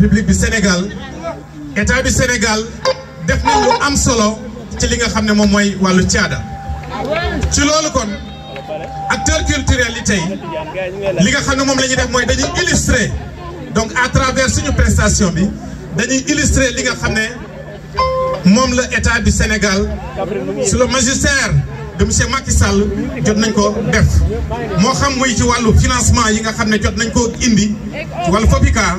république bi Sénégal état bi Sénégal def nañ lu am solo ci li nga xam ne moom mooy wàllu caada ci loolu kon acteur culturel yi tey li nga xam ne moom la ñuy mooy dañuy illustrer donc à travers suñu prestation bi dañuy illustrer li nga xam ne moom la état du Sénégal sous le magistère de monsieur Macky Sall jot nañ ko def moo xam muy ci wàllu financement yi nga xam ne jot nañ ko indi ci wàllu FOPICA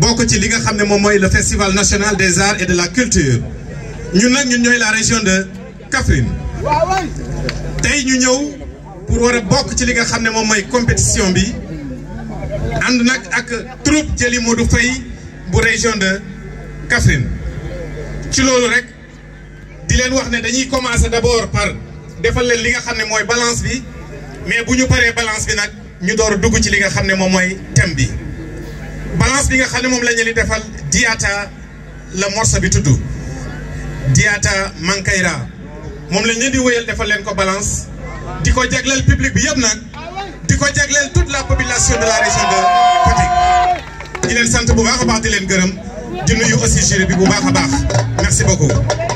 bokk ci li nga xam ne moom le festival national des arts et de la culture ñun nag ñun ñooy la région de Kaffrine tey ñu ñëw pour war a bokk ci li nga xam ne moom compétition bi ànd nag ak troupe Jëli Modou Faye bu région de Kaffrine ci loolu rek di leen wax ne dañuy commencer d'abord par defal leen li nga xam ne balance bi mais bu ñu paree balance bi nak ñu door a dugg ci li nga xam ne moom thème bi balance bi nga xam mom lañu la diata la morceau bi tudd diata Mankayra mom la di wëyel defal len ko balance diko public bi nak toute la population de la région de Fatick di bu baax baax di len di aussi bi bu merci beaucoup.